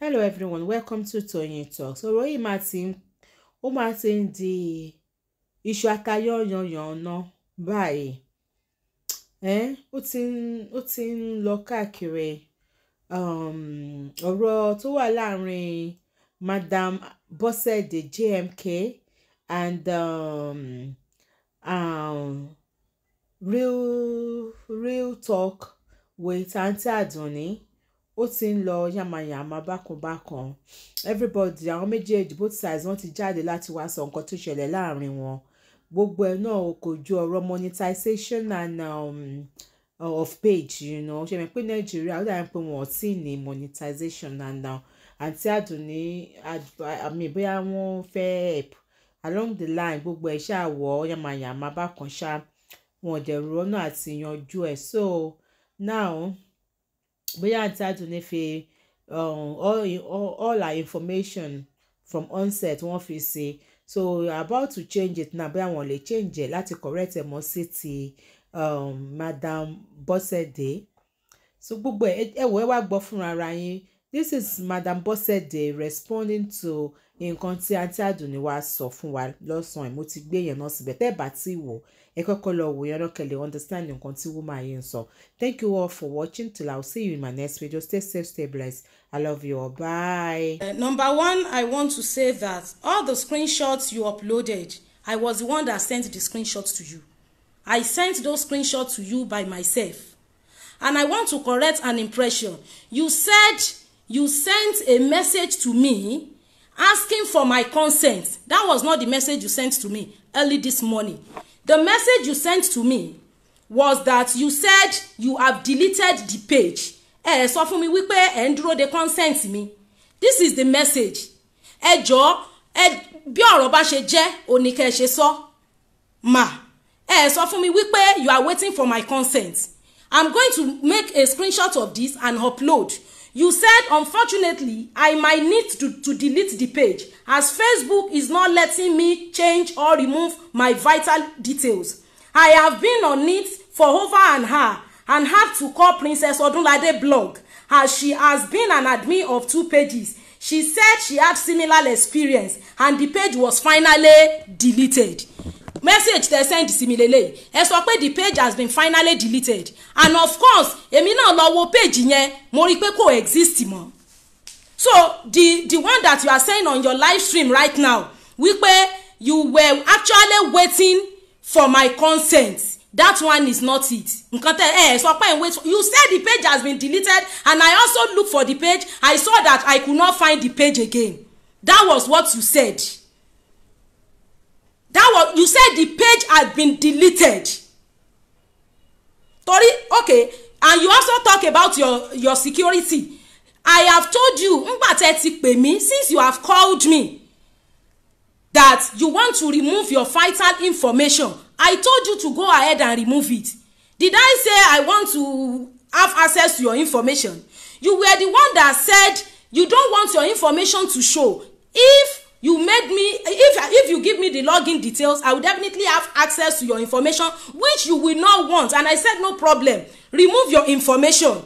hello everyone welcome to Toyeen Talks ọ̀rọ̀ yìí máa ti ń ó máa ti ń di iṣu atayọ̀ ọ̀nà báyìí eh? ó ti ń ó ti ń lọ káàkiri um, ọ̀rọ̀ tó wà láàrin madam Bọ́sẹ̀dé JMK and um, um, real real talk with aunty Adunni ó ti ń lọ yàmàyàmà bákanbákan everybody àwọn méjèèjì both sides wọ́n ti jáde láti wá sọ nǹkan tó ṣẹlẹ̀ láàrin wọn gbogbo ẹ̀ náà kò ju ọ̀rọ̀ monetization and um, uh, of page you know ṣe mi pé nàìjíríà ó dàbí pé wọn ò tí ì ní monetization and now uh, àǹtí àdùnní àmì bóyá wọ́n fẹ́ help along the line gbogbo ẹ̀ ṣáà wọ̀ yàmàyàmà bákan ṣá wọn ò dẹ̀ rọ́nà àti yanjú ẹ̀ so now bóyá àǹtí àdùnní fi um, all, all, all her information from onset wọ́n fi sí so about to change it now bóyá wọ́n lè change it. láti correct ẹ̀ mọ́ sí ti um, madam bọ́sẹ̀dé so gbogbo ẹ̀ ẹ̀ wọ́n ẹ̀ wá gbọ́ fúnra ara yín this is madam Bọ́sẹ̀dé responding to nǹkan tí àǹtí Àdùnní wa sọ fún wa lọ́sàn-án mo ti gbé yẹn náà síbẹ̀ tẹ́ bá ti wò ẹ kọ́kọ́ lọ wò yẹn lọ́kẹ́ understand nǹkan tí woman yìí ń sọ thank you all for watching till i see you in my next video stay safe stay blessed i love you all bye. Uh, number one i want to say that all the screenshots you uploaded i was the one that sent the screenshots to you i sent those screenshots to you by myself and i want to correct an impression you said you sent a message to me asking for my consent that was not the message you sent to me early this morning the message you sent to me was that you said you have deleted the page ẹ ẹ sọ fún mi wípé ẹ ń dúró de consent mi this is the message ẹ jọ eh bí ọ̀rọ̀ bá ṣe jẹ́ òní kẹ́ ẹ ṣe sọ ma ẹ ẹ sọ fún mi wípé you are waiting for my consent i'm going to make a screenshot of this and upload you said unfortunately i might need to, to delete the page as facebook is not letting me change or remove my vital details i have been on it for over an hour and had to call princess odunlade blog as she has been an admin of two pages she said she had similar experience and the page was finally deleted message tẹ send sí mi lélẹ́yìí ẹ sọ pé the page has been finally deleted and of course èmi náà lọ wo page yẹn mo rí i pé exist mọ́ so the the one that you are saying on your live stream right now wípé you were actually waiting for my consent that one is not it nkan tẹ ẹ sọ pé n wait you said the page has been deleted and i also look for the page i saw that i could not find the page again that was what you said that was you said the page has been deleted tori okay and you also talk about your your security i have told you ngba tẹ́ ti pè mí since you have called me that you want to remove your vital information i told you to go ahead and remove it did i say i want to have access to your information you were the one that said you don't want your information to show if you made me if if you give me the login details i will definitely have access to your information which you will not want and i said no problem remove your information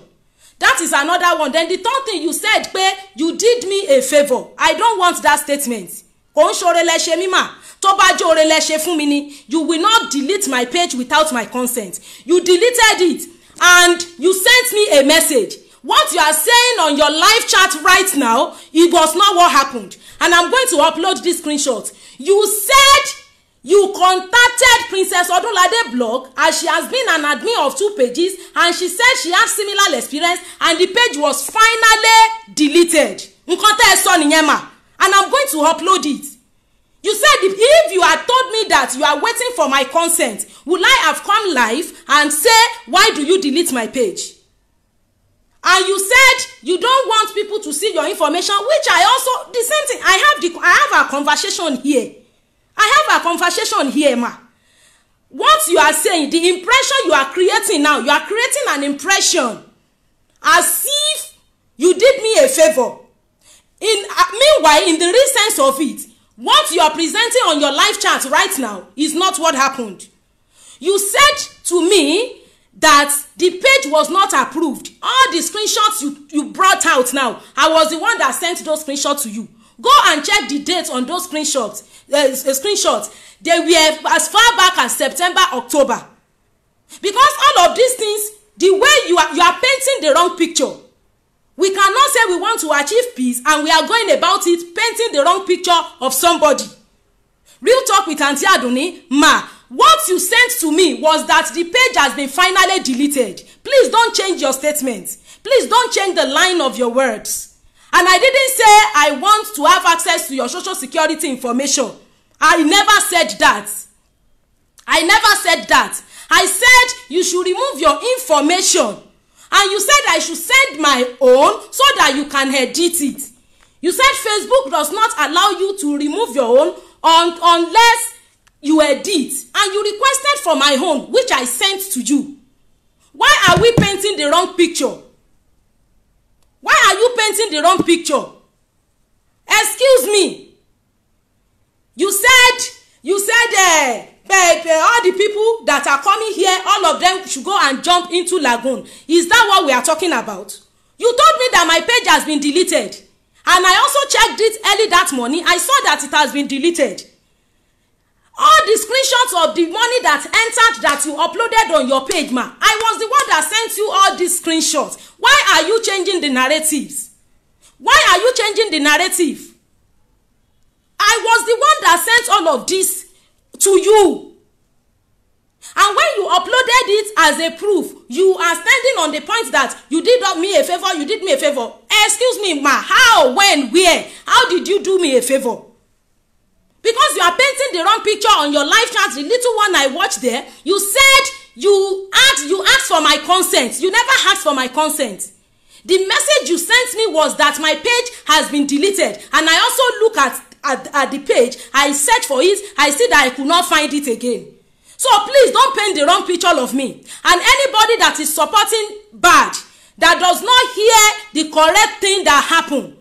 that is another one then the third thing you said pe you did me a favour i don want that statement kò ń ṣoore lẹ ṣe mí mà tó bá you will not delete my page without my consent you deleted it and you sent me a message what you are saying on your live chat right now it was not what happened and i'm going to upload this screenshot you said you contacted princess odunlade blog as she has been an admin of two pages and she said she had similar experience and the page was finally deleted nǹkan tẹ́ ẹ sọ nìyẹn mà and i'm going to upload it you said if, if you had told me that you are waiting for my consent would i have come live and say why do you delete my page and you said you don't want people to see your information which i also the same thing i have the i have a conversation here i have a conversation here ma what you are saying the impression you are creating now you are creating an impression as if you did me a favor. in uh, meanwhile in the real sense of it what you are presenting on your live chat right now is not what happened you said to me that the page was not approved all the screenshots you you brought out now i was the one that sent those screenshots to you go and check the date on those screenshots uh, screenshots they were as far back as september october because all of these things the way you are you are painting the wrong picture we cannot say we want to achieve peace and we are going about it painting the wrong picture of somebody real talk with aunty adunni ma what you sent to me was that the page has been finally deleted please don't change your statement please don't change the line of your words and i didn't say i want to have access to your social security information i never said that i never said that i said you should remove your information and you said i should send my own so that you can edit it you said facebook does not allow you to remove your own un unless you edit and you requested for my own which I sent to you why are we painting the wrong picture why are you painting the wrong picture excuse me you said you said uh, but uh, all the people that are coming here all of them should go and jump into lagoon is that what we are talking about you told me that my page has been deleted and I also checked it early that morning I saw that it has been deleted all the screenshots of the money that entered that you uploaded on your page ma i was the one that sent you all these screenshots why are you changing the narratives why are you changing the narrative i was the one that sent all of this to you and when you uploaded it as a proof you are standing on the point that you did me a favor. you did me a favor. excuse me ma how when where how did you do me a favor? because you are painting the wrong picture on your live chat the little one i watch there you said you ask you ask for my consent you never ask for my consent the message you sent me was that my page has been deleted and i also look at at, at the page i search for it i see that i could not find it again so please don paint the wrong picture of me and anybody that is supporting bad that does not hear the correct thing that happen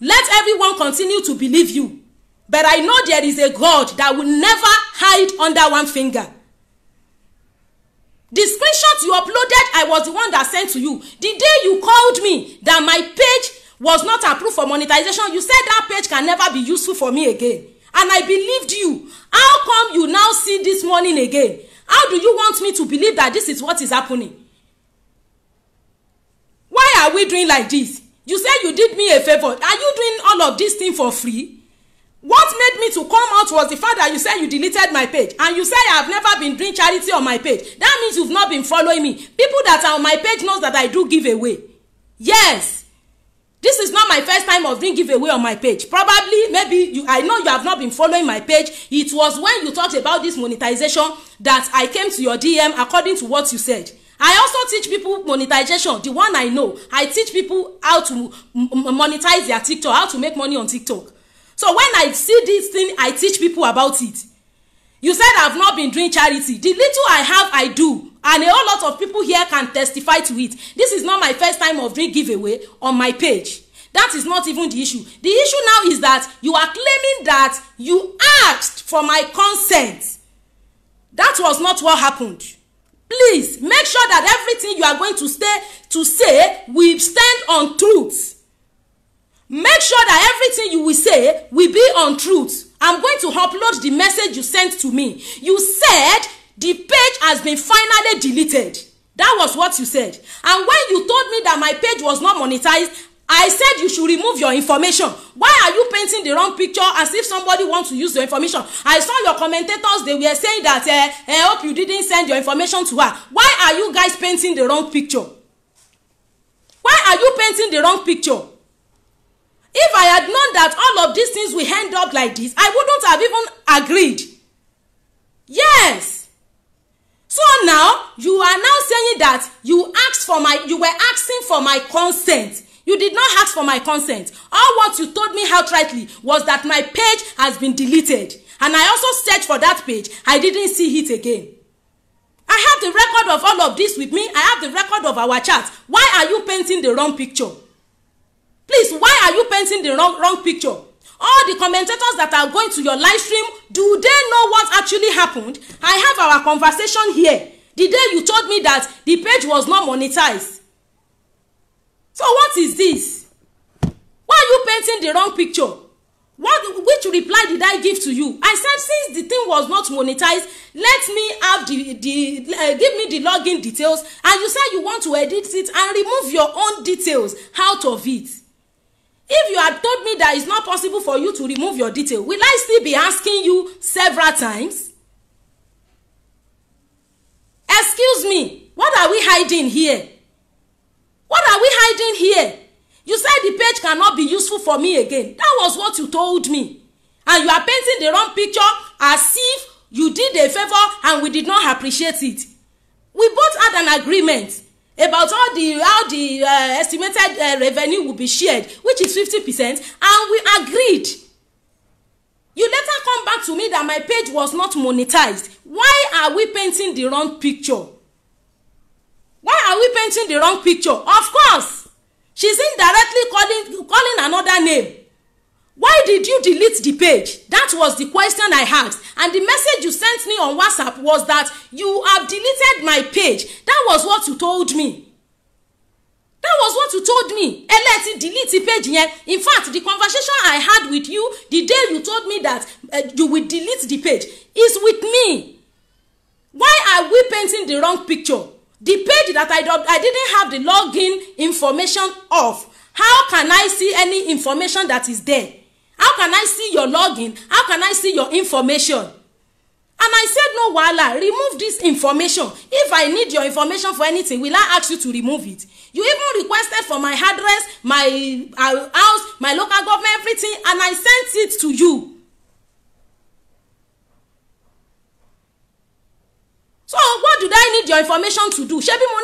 let everyone continue to believe you but i know there is a god that will never hide under one finger the screenshot you uploaded i was the one that sent to you the day you called me that my page was not approved for monetization you said that page can never be useful for me again and i believed you how come you now see this morning again how do you want me to believe that this is what is happening why are we doing like this you say you did me a favour are you doing all of this thing for free what made me to come out was the fact that you said you deleted my page and you said i have never been doing charity on my page that means you've not been following me people that are on my page knows that i do give away. yes this is not my first time of doing give away on my page probably maybe you i know you have not been following my page it was when you talked about this monetization that i came to your dm according to what you said i also teach people monetization the one i know i teach people how to monetize their tiktok how to make money on tiktok so when i see this thing i teach people about it you said i've not been doing charity the little i have i do and a whole lot of people here can testify to it this is not my first time of doing giveaway on my page that is not even the issue the issue now is that you are claiming that you asked for my consent that was not what happened please make sure that everything you are going to stay to say will stand on truth make sure that everything you will say will be on truth i'm going to upload the message you sent to me you said the page has been finally deleted that was what you said and when you told me that my page was not monetized i said you should remove your information why are you painting the wrong picture as if somebody want to use your information i saw your commentators they were saying that eh, eh i hope you didn't send your information to her why are you guys painting the wrong picture why are you painting the wrong picture if i had known that all of these things will end up like this i wouldn't have even agreed yes so now you are now saying that you asked for my you were asking for my consent you did not ask for my consent all what you told me outrightly was that my page has been deleted and i also searched for that page i didn't see it again i have the record of all of this with me i have the record of our chat why are you painting the wrong picture please why are you painting the wrong wrong picture all the commentators that are going to your live stream do they know what actually happened i have our conversation here the day you told me that the page was not monetized so what is this why are you painting the wrong picture what which reply did i give to you i said since the thing was not monetized let me have the the uh, give me the login details and you said you want to edit it and remove your own details out of it if you had told me that it's not possible for you to remove your detail will I still be asking you several times excuse me what are we hiding here what are we hiding here you said the page cannot be useful for me again that was what you told me and you are painting the wrong picture as if you did a favor and we did not appreciate it we both had an agreement about all the how the uh, estimated uh, revenue will be shared which is fifty percent and we agreed you later come back to me that my page was not monetized why are we painting the wrong picture why are we painting the wrong picture of course she's indirectly calling calling another name why did you delete the page that was the question i asked and the message you sent me on whatsapp was that you have deleted my page that was what you told me that was what you told me ẹlẹ́tì delete the page yẹn in fact the conversation i had with you the day you told me that uh, you will delete the page is with me why are we painting the wrong picture the page that i, I didn't have the login information of how can i see any information that is there how can i see your login how can i see your information and i said no wahala remove this information if i need your information for anything will i ask you to remove it you even requested for my address my uh, house my local government everything and i sent it to you so what did i need your information to do ṣebí mo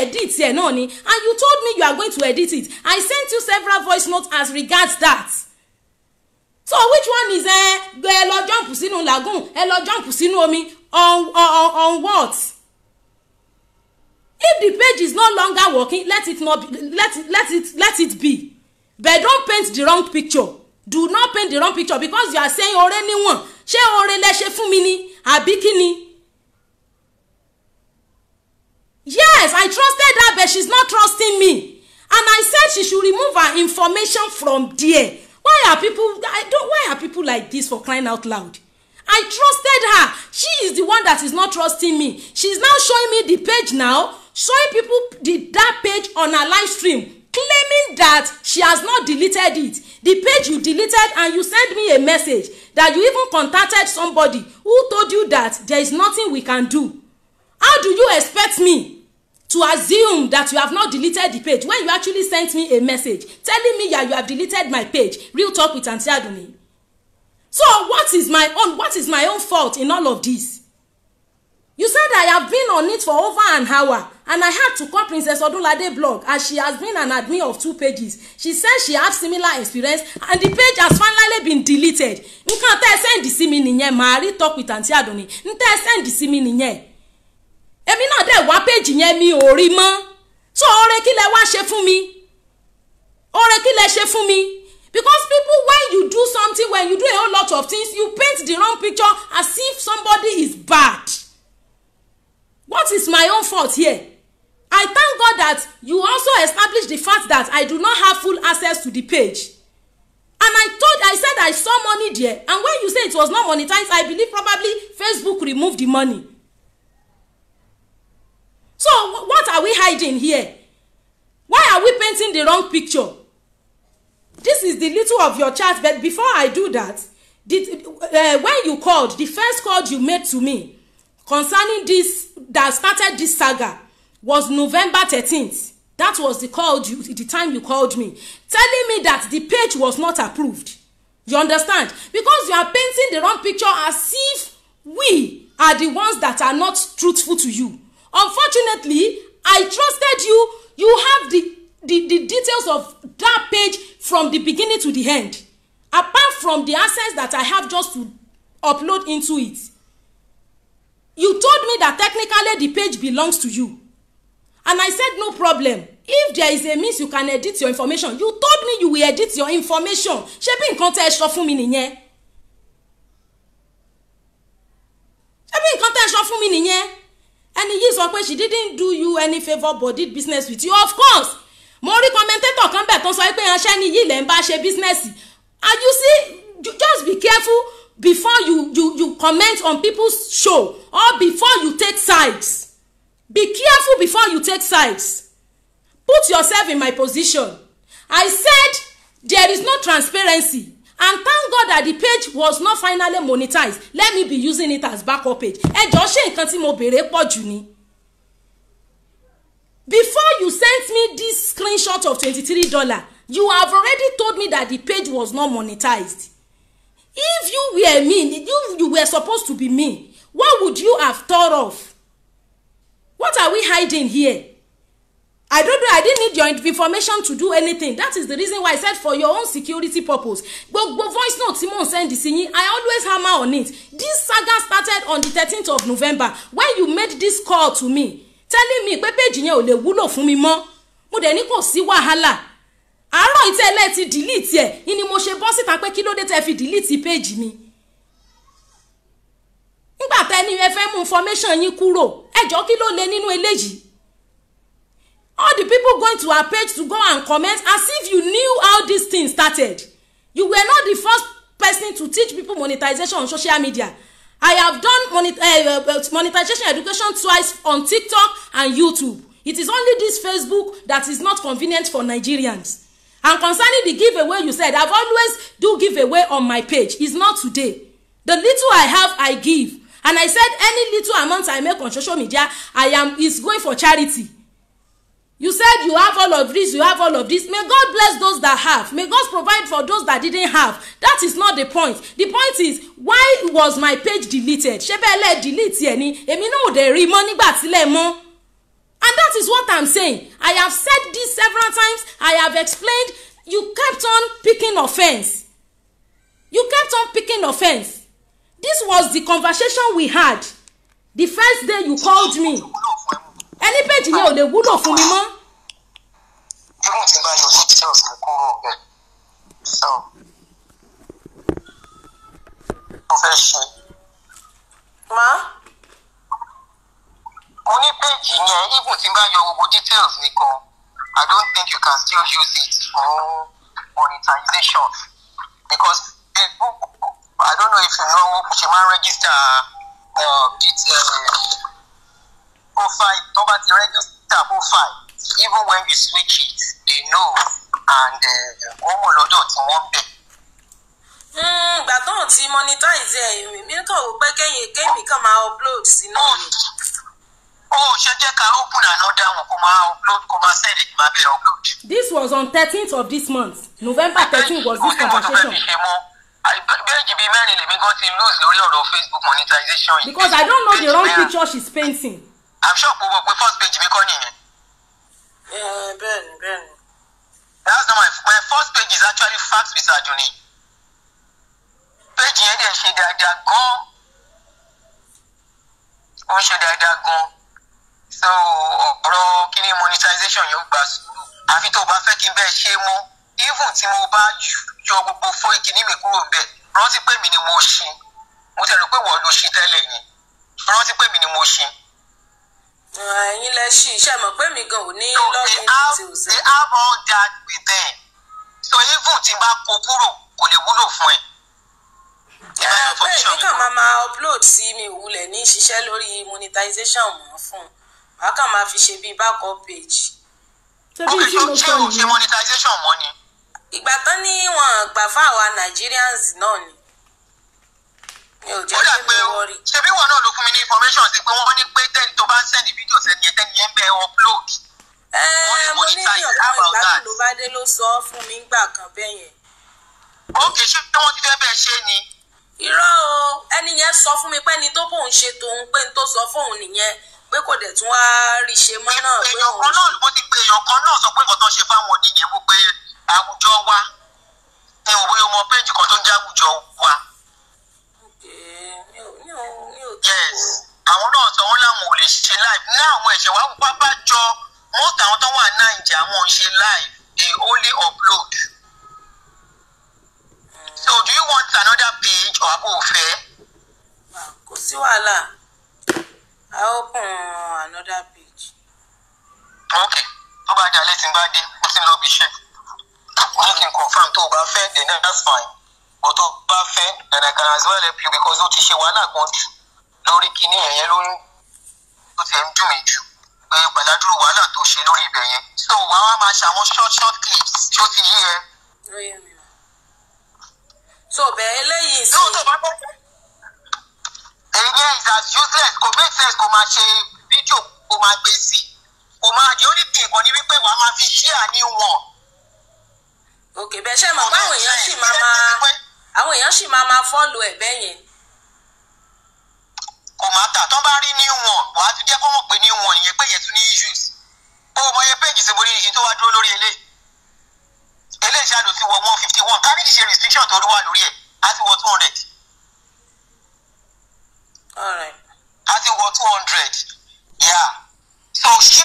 edit ẹ̀ náà ni and you told me you are going to edit it i sent you several voice notes as regards that so which one is ẹ eh, gbé ẹ lọ jọ́ǹpù sínú lagoon ẹ lọ jọ́ǹpù sínú omi on on on what if the page is no longer working let it not be, let it let it let it be but don't paint the wrong picture do not paint the wrong picture because you are saying ọ̀rẹ́ níwọ̀n ṣé ọ̀rẹ́ lẹ ṣe fún mi ni àbí kí ni. yes i trusted her but she's not trusting me and i said she should remove her information from there why are people i don't why are people like this for crying out loud i trusted her she is the one that is not trusting me she is now showing me the page now showing people the that page on her live stream claiming that she has not deleted it the page you deleted and you send me a message that you even contacted somebody who told you that there is nothing we can do how do you expect me to assume that you have not deleted the page when you actually sent me a message telling me that you have deleted my page real talk with aunty adunni so what is my own what is my own fault in all of this you said i have been on it for over an hour and i had to call princess odunlade blog as she has been an admin of two pages she said she have similar experience and the page has finally been deleted nkan tẹ ẹ sẹ́ndì sí mi nìyẹn màá rí talk with aunty adunni n tẹ ẹ sẹ́ndì sí mi nìyẹn èmi náà dẹ̀ wá péjì yẹn mi ò rí mọ́ so oore kí lẹ wá ṣe fún mi oore kí lẹ ṣe fún mi because people when you do something when you do a whole lot of things you paint the wrong picture as if somebody is bad what is my own fault here I thank God that you also establish the fact that I do not have full access to the page and I told I said I saw money there and when you say it was not monetized I believe probably Facebook removed the money so what are we hiding here why are we painting the wrong picture this is the little of your chart but before i do that the uh, when you called the first call you made to me concerning this that started this saga was november thirteenth. that was the call you the time you called me telling me that the page was not approved you understand because you are painting the wrong picture as if we are the ones that are not truthful to you unfortunately i trusted you you have the the the details of that page from the beginning to the end apart from the access that i have just to upload into it you told me that technically the page belongs to you and i said no problem if there is a means you can edit your information you told me you will edit your information ṣebí nǹkan tẹ́ ẹ sọ mi nìyẹn ṣebí nǹkan tẹ́ ẹ sọ mi nìyẹn ẹni yìí sọ pé she didn't do you any favour but did business with you of course mo rí commentator kan bẹ̀ tó sọ pé ìránṣẹ́ ni yìí lẹ̀ ń bá ṣe business and you see you just be careful before you you you comment on people's show or before you take sides be careful before you take sides put yourself in my position i said there is no transparency and thank God that the page was not finally monetized let me be using it as backup page ẹ jọ ṣe nǹkan tí mo béèrè pọ̀ jù ni before you sent me this screenshot of twenty-three dollar you have already told me that the page was not monetized if you were me you, you were supposed to be me what would you have thought of what are we hiding here I don't know I didn't need your information to do anything that is the reason why I said for your own security purpose gbogbo voice note tí mò ń send sí yín I always hammer on it this saga started on the thirteenth of November when you made this call to me telling me pé page yẹn ò lè wúlò fún mi mọ́ mo dẹ̀ ní kò sí wàhálà àárọ̀ ìtẹ́ ẹlẹ́ ti delete ẹ̀ ni mo ṣe bọ́ síta pé kí ló dé tẹ́ fi delete page mi nígbà tẹ́ ni ẹ fẹ́ mú information yín kúrò ẹ jọ̀ọ́ kí ló le nínú eléyìí all the people going to her page to go and comment as if you knew how this thing started you were not the first person to teach people monetization on social media i have done monet uh, eh, eh, monetization education twice on tiktok and youtube it is only this facebook that is not convenient for nigerians and concerning the giveaway you said i've always do giveaway on my page it's not today the little i have i give and i said any little amount i make on social media i am is going for charity you said you have all of this you have all of this may god bless those that have may god provide for those that didn't have that is not the point the point is why was my page deleted ṣé bẹ́ẹ̀ lẹ́ẹ̀ delete ẹ̀ ni èmi náà ò mo. rí mọ́ nígbà and that is what i'm saying i have said this several times i have explained you kept on picking offence you kept on picking offence this was the conversation we had the first day you called me Any page yẹn ò lè wúlò fún mi mọ́ irú tí bá so mo fẹ́ ṣe. má. mo ní péjì yẹn even tí bá yọ details nìkan i don't think you can still use it for monetization because i don't know if you know ṣe máa ń register um, uh, it, um, uh, profile tó bá ti register profile even when we switch it they know and uh, wọ́n mọ̀ tí wọ́n bẹ̀. Hmm, ìgbà tó ń ti monetize ẹ̀ mi kàn wò pé kéyìn kéyìn kan máa upload sínú mi. ó ṣe jẹ́ ká open another one kó máa upload kó máa send it máa bẹ̀rẹ̀ upload. this was on thirteenth of this month november thirteen was this conversation. Bẹ́ẹ̀jì bíi mẹ́rin lèmi gan ti lose lórí ọ̀rọ̀ Facebook monetization yìí. Because I don't know the wrong picture she's painting. I'm sure gbogbo pé first page mi kọ́ nìyẹn bẹ́ẹ̀ni bẹ́ẹ̀ni. that's not my my first page is actually facts with Ajuni page here they dẹ̀ ṣe dáadáa gan ó should ṣe dáadáa gan so bro, kí ni monetization yóò gbà sùúrù àfi tó o bá fẹ́ kí n bẹ́ẹ̀ ṣe mọ́ even tí mo bá yọ gbogbo fún ìkíní mi kúrò bẹ́ẹ̀ rántí pé mi ni mo ṣe mo tẹ̀rù pé wọ́n ló ṣe tẹ́lẹ̀ yẹn rántí pé mi ni mo Ah, ẹ̀yin lẹ ṣì ṣe mọ̀ pé mi gan ò ní login details. Eh? they have all that with them so even tí bá kó kúrò kò lè wúlò fún ẹ. Eh, bẹ́ẹ̀ ní kàn máa máa upload sí mi ìwúlẹ̀ ní ṣiṣẹ́ lórí monetization mọ́ fún un màá kàn máa fi ṣe bíi backup page. ó kì í ṣe ṣé o ṣe monetization mọ́ ni. ìgbà tán ni wọn gbà fáwọn Nigerians náà ni mi ò jẹ́ kí mi wọrí. ṣebí wọn náà ló fún mi ní information sí pé wọ́n ní pé tẹ́ni tó bá ń send video sẹ́ni ẹ̀ tẹ́ni ẹ̀ ń bẹ upload. ẹ eh, mo ní ìyàn kan ìgbà tó bá dé ló sọ fún mi gbà kan bẹ́ẹ̀ yẹn. òkè ṣé wọ́n ti fẹ́ bẹ́ẹ̀ ṣe ni. irọ́ o ẹni yẹn sọ fún mi pé ẹni tó bóun ṣe tòun pé ní tó sọ fóun nìyẹn pé kò dẹ̀ tún wá rí ṣe mọ́ náà pé òun. èèyàn kan náà mo ti pe èèyàn kan náà sọ pé nǹkan tó ń ṣe fáwọn nìyẹn mo pe Yes, mi ò tí ì wò. àwọn náà sọ wọn láwọn ò lè ṣe live ní àwọn ẹ̀ṣẹ̀ wa wá bá jọ most àwọn tó wà Naija wọn ṣe live they only upload. so do you want another page or abo fẹ́. Ah, kò sí wàhálà i open another page. ok tó bá jalè tí n bá dé mo ti lọ bí iṣẹ́ mo ní kí n confirm tó o bá fẹ́ then that's fine bó tó bá fẹ́ dàdà as well help you because ó ti ṣe wàhálà gan jù lórí kíní ẹ̀yẹ ló tó ti ń dùn mí jù pé gbàdádúró wàhálà tó ṣe lórí ibẹ̀ yẹn so wàá wá máa ṣe àwọn short short clips tí ó ti yí ẹ. so bẹ́ẹ̀ eléyìí sí. lóòótọ́ bá bọ́ èyí is as useless kò make sense kò máa ṣe fídíò kò máa gbé sí kò máa di only thing kan ni wípé wàá máa fi ṣíà ní wọn. òkè bẹ́ẹ̀ ṣe màá báwo èèyàn sì máa máa àwọn èèyàn sì máa máa fọ́ọ̀lù ẹ̀ bẹ́ẹ̀ yẹn. kò má tà tó bá rí new one wàá ti jẹ́ kó mọ̀ pé new one yẹn pé yẹn tún ní issues ó mọ iye péjì sí borí iṣẹ́ tó wá dúró lórí eléyìí eléyìí ṣáàdùn ti wọ one fifty one kábíyèsí ṣe restriction tó wà lórí ẹ̀ á ti wọ two hundred á ti wọ two hundred yà so ṣí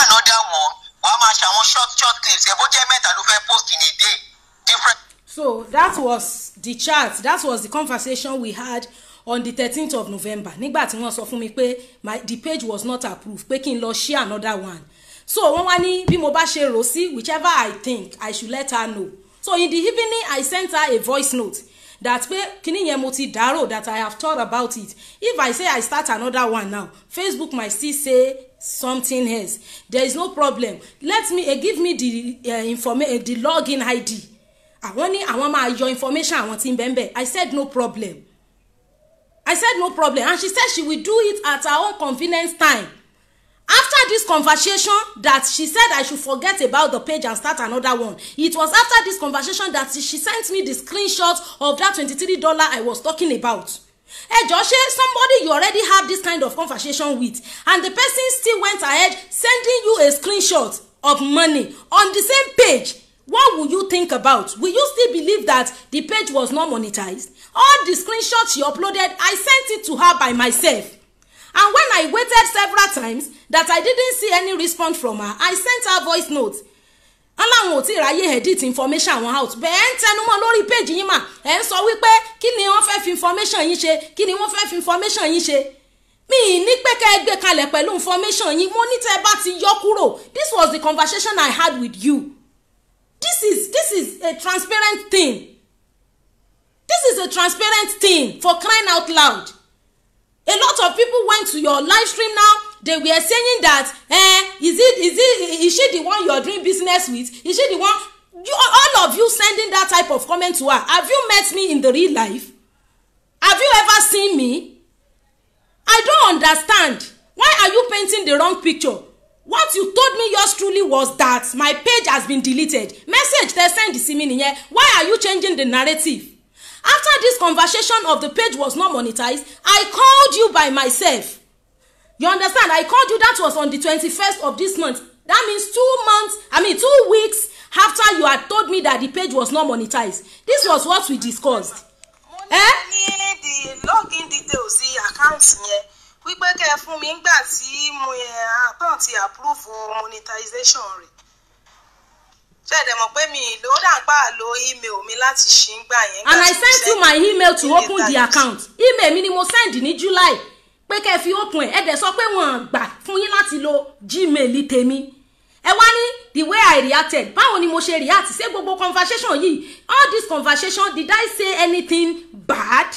another one wàá máa ṣe àwọn short short clips ẹ̀ bó jẹ́ mẹ́ta ló fẹ́ post in a day different so that was the chat that was the conversation we had on the thirteenth of november nígbà tí wọ́n sọ fún mi pé my the page was not approved pé kí n lọ share another one so wọ́n wá ní bí mo bá ṣe rò sí whichever i think i should let her know so in the evening i sent her a voice note that pé kíní yẹn mo ti dárò that i have thought about it if i say i start another one now facebook might still say something else there is no problem let me uh, give me the uh, eh, information uh, eh, the login id àwọn ní àwọn máa yọ information àwọn tí ń bẹ́ẹ̀ bẹ́ẹ̀ i said no problem i said no problem and she said she will do it at her own convenience time after this conversation that she said i should forget about the page and start another one it was after this conversation that she sent me the screenshot of that twenty-three dollar i was talking about ẹ jọ ṣe somebody you already have this kind of conversation with and the person still went ahead sending you a screenshot of money on the same page what will you think about will you still believe that the page was not monetized all the screenshots she uploaded i sent it to her by myself and when i waited several times that i didn't see any response from her i sent her voice note wọn làwọn ò tí ì edit information àwọn out bẹ́ẹ̀ ń tẹnumọ́ lórí page yín mà ẹ̀ ń sọ wípé kí ni wọ́n fẹ́ fi information yín ṣe kí ni wọ́n fẹ́ fi information yín ṣe mi ní pé ká ẹ gbé kalẹ̀ pẹ̀lú information yín mo ní tẹ́ bá ti yọ kúrò this was the conversation i had with you this is this is a transparent thing this is a transparent thing for crying out loud a lot of people went to your live stream now they were saying that eh, is it is it is she the one you are doing business with is she the one you all of you sending that type of comment to her have you met me in the real life have you ever seen me i don't understand why are you painting the wrong picture what you told me yours truly was that my page has been deleted message tẹ send sí mi nìyẹn why are you changing the narrative after this conversation of the page was not monetized i called you by myself you understand i called you that was on the twenty-first of this month that means two months i mean two weeks after you had told me that the page was not monetized this was what we discussed. Eh? the login details the accounts, yẹn wípé kẹ́ fún mi ńgbà tí mo yẹn àkáǹtì àpúrúfù monetization rẹ̀ ṣẹ̀dẹ̀ mọ̀ pé mi ìlò dàgbà lo email mi láti ṣí ń yẹn. and I sent you my email to open the account email mi ni mo send ní July pé kẹ́ ẹ fi open ẹ̀ ẹ̀ dẹ̀ sọ pé wọ́n gbà fún yín láti lo Gmail tèmi ẹ wá ní the way i reacted báwo ni mo ṣe react ṣé gbogbo conversation yìí all this conversation did i say anything bad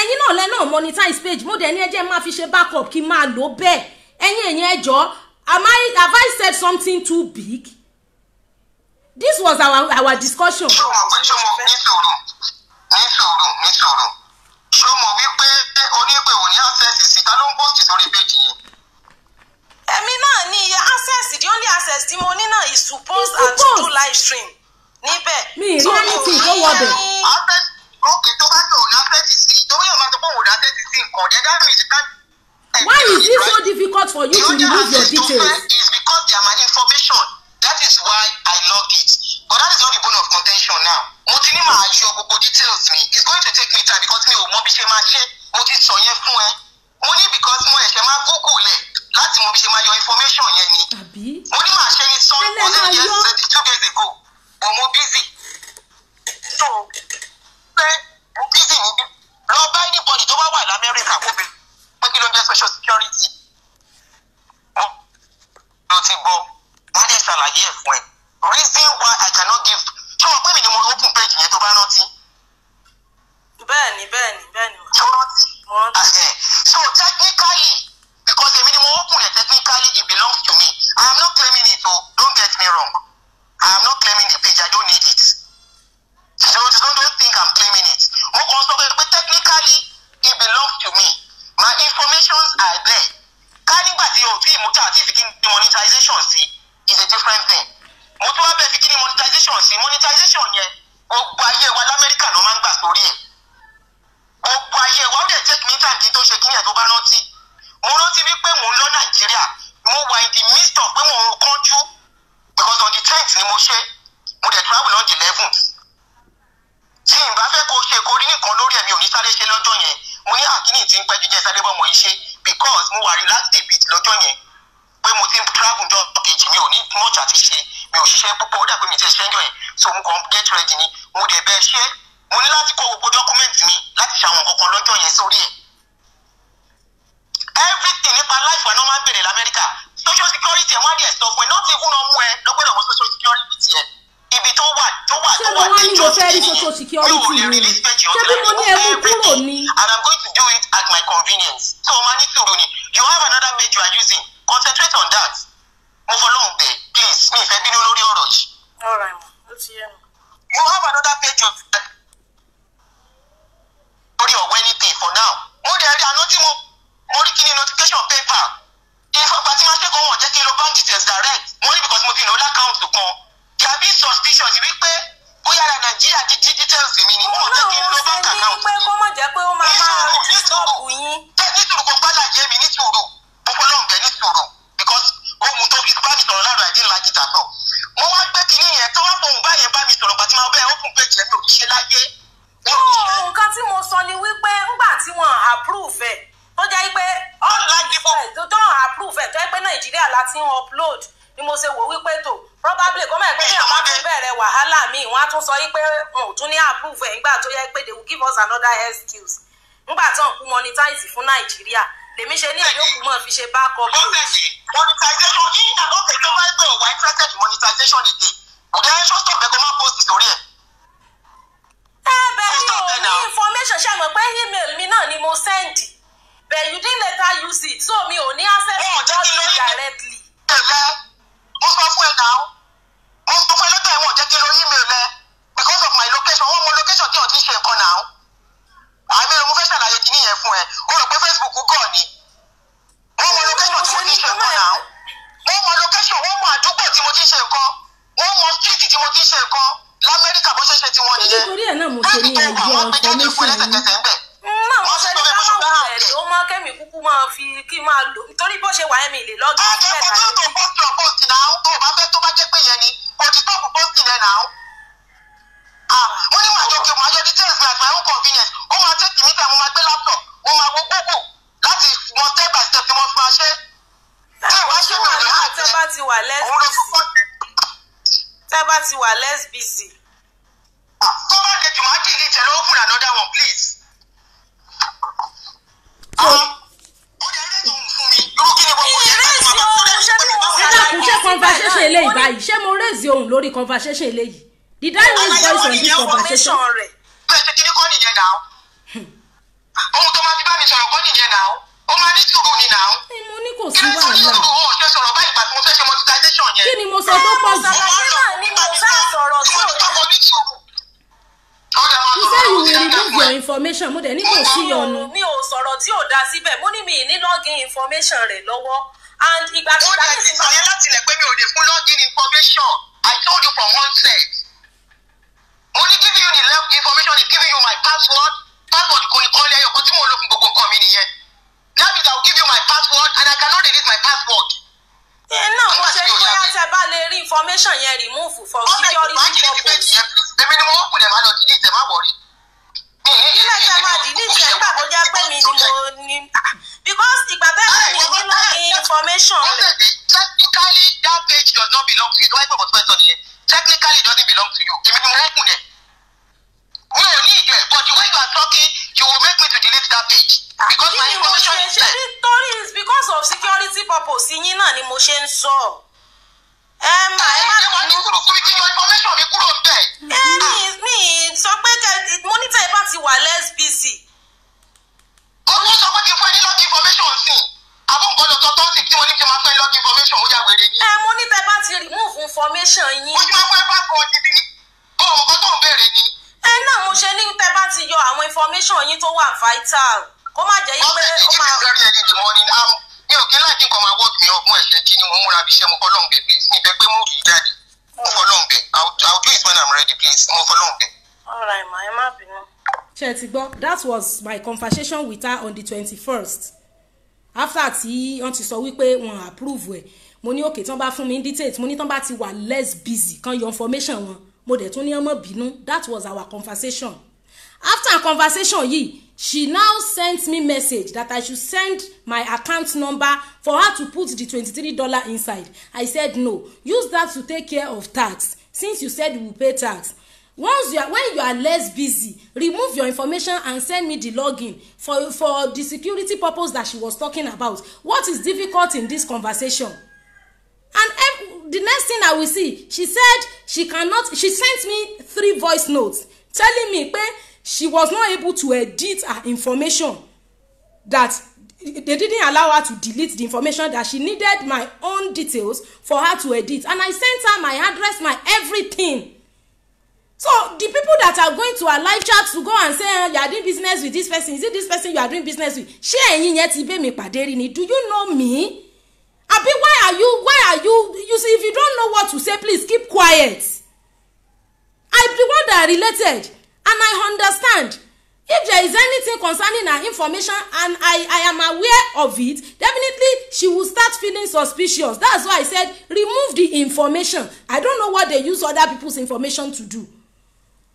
ẹ̀yin náà lẹ́ náà monetize page mo dẹ̀ ní ẹjẹ́ máa fi ṣe backup kí n máa lò bẹ́ẹ̀ ẹ̀yin ẹ̀yin ẹ̀jọ́ am I have I said something too big? this was our our discussion. ṣé o mọ̀ ṣé o mọ̀ ní sòrò ní sòrò ní sòrò ṣé o mọ̀ wípé onípè ò ní access sí ta ló ń post sórí page yẹn. èmi náà ni access the only access tí mo ní náà is supposed and to do live stream níbẹ̀. mi ìlú ẹni tí ìjọwọ́ bẹ̀. access Eh, why is this so difficult for you to remove your details. is because they are my information that is why I love it but that is not bone of contention now mo ti details mi it's going to take me time because mi ò mo ti sọ yẹn fún ẹ mo because mo ẹ̀ṣẹ̀ máa google ẹ̀ láti mo bí ṣe máa information yẹn ni mo ní màá ṣe ní sàn ọdún yẹn two mo busy so pé mo bízì níbí lọ bá anybody tó bá wà lamẹ́ríkà kó bèrè pé kí ló jẹ́ social security mo ti gbọ́ wọ́n lè ṣàlàyé ẹ̀ fún ẹ reason why I cannot give ṣé wọ́n pè mí ni mo open page yẹn tó bá rántí. bẹ́ẹ̀ni bẹ́ẹ̀ni bẹ́ẹ̀ni. ṣé o rántí. mo rántí. Ah, eh. so technically because èmi ni mo open it technically it belongs to me I am not claiming it o oh. don't get me wrong I am not claiming the page I don't need it. So just don't, think I'm claiming it. Mo kàn sọ pé pé technically it belongs to me. My informations are there. Ká nígbà tí o tí mo tà tí fi monetization sí is a different thing. Mo tún wá bẹ̀ fi kí monetization sí monetization yẹn gbogbo ayé wa l'Amẹ́ríkà ló máa ń gbà sórí ẹ̀. Gbogbo ayé wa ó dẹ̀ take me time kí tó ṣe kí ni ẹ̀ tó bá rántí. Mo rántí wípé mò ń lọ Nàìjíríà mo wà in the midst of pé mò ń kánjú because on the tenth ni mo ṣe mo dẹ̀ travel on the eleventh tí n bá fẹ́ kó ṣe kó rí nìkan lórí ẹ̀mí òní sáré ṣe lọ́jọ́ yẹn mo ní àkíní tí ń pẹ́ jíjẹ́ sáré bọ́mọ yìí ṣe because mo wà relaxed a bit lọ́jọ́ yẹn pé mo ti ń travel jọ kejì mi ò ní much àti ṣe mi ò ṣiṣẹ́ púpọ̀ ó dàgbé mi ti ṣiṣẹ́ jọ yẹn so mo kàn get ready ni mo dẹ̀ bẹ́ẹ̀ ṣe mo ní láti kó gbogbo document mi láti ṣàwọn kankan lọ́jọ́ yẹn sórí ẹ̀ everything nípa life wa náà máa ń bèrè lamẹ́ríkà social security ẹ̀ wọ́n á dẹ̀ sọ fún ẹ náà ti kún ọmú ẹ lọ́gbẹ́dọ̀ mọ́ social security ẹ̀ ibi tó wà tó wà tó wà ní ìjọ sí mi mi ò lè release page yọ̀ọ́ tẹ́lẹ̀ mi everything and i'm going to do it at my convenience so ma ní sùúrù ni you have another maid you are using concentrate on that mo fọlọ́hún bẹ̀ please mi ìfẹ́ bínú lórí ọ̀rọ̀ yìí. ọ̀rọ̀ àìmọ̀ ló ti you have another page of lórí ọ̀wẹ́ ní pay for now mo rí ẹ̀rí àná tí mo mo rí kí ni notification paper ìfọ̀gbà tí ma ṣe kọ́ wọ̀n jẹ́ kí n lo bank details direct mo rí because mo fi lò lákàntì kan tàbí suspicious wípé bóyá ara nàìjíríà ti dí details mi ni mo jẹ́ kí n ló bá kà náà. wípé kó má jẹ́ pé ó máa máa ní sọ́ọ̀bù yín. tẹ́ ní sùúrù mi ní sùúrù gbogbo náà ń bẹ tó fi bá mi sọ̀rọ̀ láàrọ̀ àdín la jìtà mo wá gbé kinní yẹn tó wá fohùn báyẹn bá mi sọ̀rọ̀ pàtí máa bẹ́ẹ̀ ó fún pé jẹ́ mi ò ní ṣe láyé. Oh, nǹkan tí mo sọ ni wípé ńgbà tí wọ́n approve ẹ̀ tó jẹ́ pé all ni mo ṣe wò wípé tó probably kọ́mọ̀ ẹ̀ pé ní àwọn tún bẹ̀rẹ̀ wàhálà míì wọ́n á tún sọ wípé wọn ò tún ní approve ẹ̀ nígbà tó yẹ pé they will give us another excuse nígbà tó ń kú monetize fún nàìjíríà lèmi ṣe ní àyókù mọ́ fi ṣe back up. monetization ní àkókò tó bá gbé ọ̀wá interested monetization nìkan ọ̀gá ẹ̀ṣọ́ stop ẹ̀ kó má post torí ẹ̀. ẹ bẹ́ẹ̀ ni o ní information ṣe mọ̀ pé email mi náà ni mo send but you didn't later use it so mi ò ní access to it directly mo sọ fún ẹ náà mo sọ fún ẹ lọ́jọ́ ìwọ̀n jẹ́ kí n rẹ because of my location wọ́n mọ location tí o ti ṣe nǹkan náà àmì ẹ̀ mo fẹ́ ṣàlàyé kí nìyẹn fún ẹ o rò pé Facebook gọ̀ ni wọ́n mọ location tí mo ti ṣe nǹkan náà wọ́n mọ location wọ́n mọ àdúgbò tí mo ti ṣe nǹkan wọ́n mọ street tí mo ti ṣe nǹkan lamẹ́ríkà bó ṣe ṣe ti wọ́n nìyẹn bẹ́ẹ̀ni tó wà wọ́n gbé jáde fún ẹlẹ́sẹ̀kẹsẹ̀ ńbẹ̀ wọ́n ṣe but stop posting ẹ̀ náà ó ní màá jókè màá yọ details like my own convenience oh, máa take mi time mo máa oh, laptop mo máa wo google láti mọ step by step bí wọ́n fi máa ṣe. tí ìwà ṣe wà ní àjẹ òun ló tún pọ̀ jù. tẹ́ bá ti wà lẹ́sbìsì. Ah, tó bá dejì máa kì í tẹ̀lé open another one please. Ah, ó jẹ́ ilé ìtòhùn fún mi irú kí ni gbogbo ìyẹn láti máa bá kúrẹ́ conversation eléyìí báyìí ṣé mo raise ohun lórí conversation eléyìí did I raise voice on this conversation. pẹ̀sìkìrì kọ́ nìyẹn náà ohun tó máa fi bá mi sọ̀rọ̀ kọ́ nìyẹn náà ó máa ní sùúrù ni náà. mo ní kò sí wàhálà. kí ni mo sọ tó pọ̀ jù. You say you will remove your information mo dẹ̀ ní kò sí ọ̀nà. mi ò sọ̀rọ̀ tí ò da síbẹ̀ mo ní mi ní lọ́ọ̀gì information rẹ̀ lọ́wọ́ and ìgbà tó dájú sí. ó dẹ̀ ti sàyẹn láti ilẹ̀ pé mi ò lè fún login information I told you from onset. mo ní giving you the information is giving you my password password kò ní kọ́ ilé ayọ̀kọ́ tí mo lò fún gbogbo nǹkan mi nìyẹn. that means I will give you my password and I cannot delete my password. ẹ náà mo ṣe ní bóyá tẹ bá lè rí information yẹn remove for security purpose. ọ̀rẹ́ ìgbà kìí ṣe bẹ́ẹ̀ yẹn èmi ni mo wọ́pọ̀ lè má lọ delete ẹ̀ má wọ̀rí because ìgbà bẹ́ẹ̀ pé mi nínú information technically that page does not belong to you lọ́wọ́ ìgbàgbọ́ tó fẹ́ technically doesn't belong to you èmi ni mo open but the way you are talking you will make me to delete that page ah, because my information is because of security purpose yín náà ni mo So ẹ má ẹ má bínú. ẹ wá ní kúrò kúrò kí information mi kúrò bẹ́ẹ̀. ẹ mi mi sọ pé mo níta ẹ bá ti wà lsbc. mo ní sọ pé kí n fún ẹ ní log information sí abóǹgbọ́dọ̀ tó tọ́ sí tí mo ní kí n máa fún ẹ log information ó yà wèrè ni. ẹ mo níta ẹ bá ti remove information yín. ojú ẹgbẹ́ bá kọ ibi bọ́ọ̀ nǹkan tó ń bèèrè ni. ẹ náà mo ṣe ní tẹ bá ti yọ àwọn information yín tó wà vital kó má come on. pé ó máa mi ò kí láti nǹkan máa wọ́ọ̀tì mi ọgbọ́n ẹ̀ṣẹ̀ kí ni mo múra bí iṣẹ́ mo fọ́ lọ́hùn please mi bẹ pé mo fi jáde mo fọ́ lọ́hùn bẹ́ẹ̀ do it when i'm ready please mo fọ́ lọ́hùn ṣe ti gbọ́ that was my conversation with her on the twenty-first after tí wọ́n ti sọ wípé wọ́n approve ẹ̀ mo ní òkè tán bá fún mi details mo ní tán bá ti wà less busy kan yọ information wọn mo dẹ̀ tún ní ọmọ bínú that was our conversation after conversation yìí she now sent me message that i should send my account number for her to put the twenty-three dollar inside i said no use that to take care of tax since you said you will pay tax once you are when you are less busy remove your information and send me the login for for the security purpose that she was talking about what is difficult in this conversation and the next thing i will see she said she cannot she sent me three voice notes telling me pe she was not able to edit her information that they didn't allow her to delete the information that she needed my own details for her to edit and i sent her my address my everything so the people that are going to her live chat to go and say eh, you are doing business with this person is it this person you are doing business with ṣé ẹ̀yin yẹn ti bẹ́ mi pàdé rí ni do you know me abi why are you why are you you see if you don't know what to say please keep quiet i be the one that related and i understand if there is anything concerning her information and i i am aware of it definitely she will start feeling suspicious that's why i said remove the information i don't know what they use other people's information to do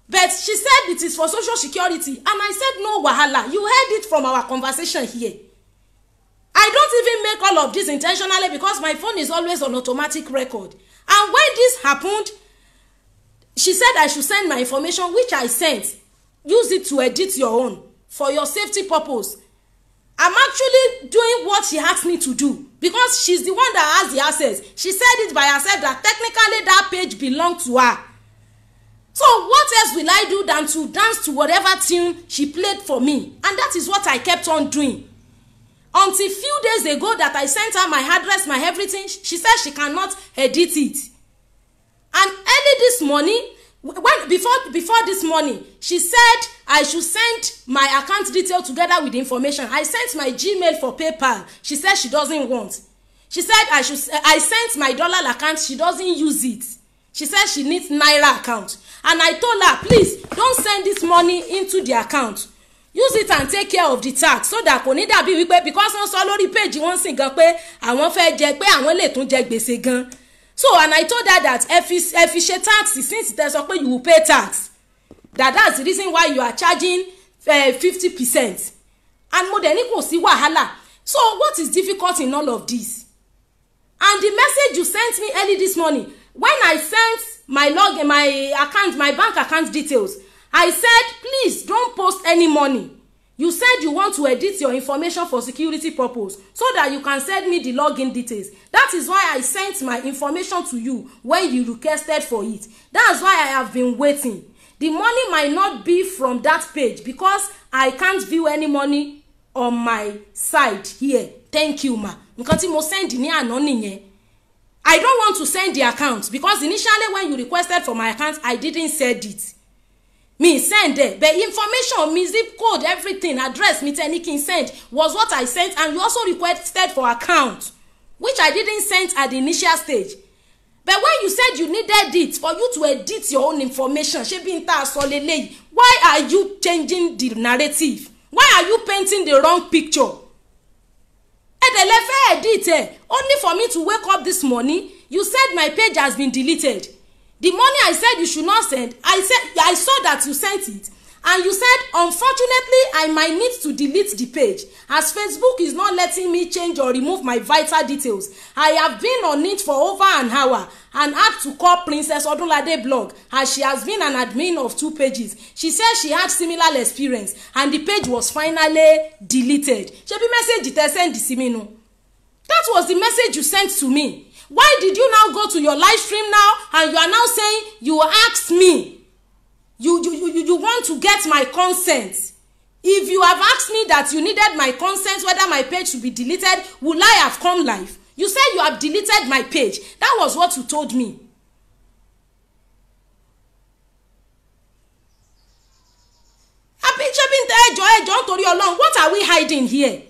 but she said it is for social security and i said no wahala you heard it from our conversation here i don't even make all of this intentionally because my phone is always on automatic record and when this happened she said i should send my information which i sent use it to edit your own for your safety purpose i'm actually doing what she asked me to do because she's the one that has the access she said it by herself that technically that page belong to her so what else will i do than to dance to whatever tune she played for me and that is what i kept on doing until few days ago that i sent her my address my everything she said she cannot edit it and early this morning when before before this morning she said i should send my account detail together with the information i sent my gmail for paypal she said she doesn't want she said i should i sent my dollar account she doesn't use it she said she needs naira account and i told her please don send this money into the account use it and take care of the tax so that kò ní dàbí wípé because wọ́n sọ lórí péjì wọ́n sìn gan pé àwọn fẹ́ jẹ pé àwọn lè tún jẹ gbèsè gan so and i told her that ẹ fi ẹ fi since tẹ sọ pé you will pay tax that that's the reason why you are charging eh, fifty uh, percent and mo dẹ̀ ní kò sí wàhálà so what is difficult in all of this and the message you sent me early this morning when i sent my log my account my bank account details i said please don't post any money you said you want to edit your information for security purpose so that you can send me the login details that is why i sent my information to you when you requested for it that's why i have been waiting the money might not be from that page because i can't view any money on my side here thank you ma nkan tí mo send ní àná nìyẹn i don't want to send the account because initially when you requested for my account i didn't send it me send eh but information me zip code everything address me tell kin send was what i sent and you also requested for account which i didn't send at the initial stage but when you said you needed it for you to edit your own information Shebi bí n ta sọ lélẹ́yìí why are you changing the narrative why are you painting the wrong picture ẹ̀dẹ̀lẹ́fẹ́ edit eh? only for me to wake up this morning you said my page has been deleted the money i said you should not send i said i saw that you sent it and you said unfortunately i might need to delete the page as facebook is not letting me change or remove my vital details i have been on it for over an hour and had to call princess odunlade blog as she has been an admin of two pages she said she had similar experience and the page was finally deleted shebi message tẹ send simi nu that was the message you sent to me why did you now go to your live stream now and you are now saying you asked me you you you you want to get my consent if you have asked me that you needed my consent whether my page should be deleted would I have come live you said you have deleted my page that was what you told me àbí ṣé bí n tẹ ẹjọ ẹjọ nítorí Ọlọ́run what are we hiding here